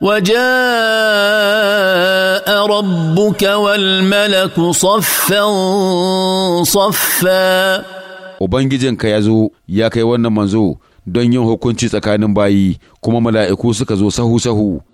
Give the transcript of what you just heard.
وجاء ربك والملك صفا صفا Ubangijinka ya zo ya kai wannan manzo don yin hukunci tsakanin bayi kuma mala'iku suka zo sahu-sahu.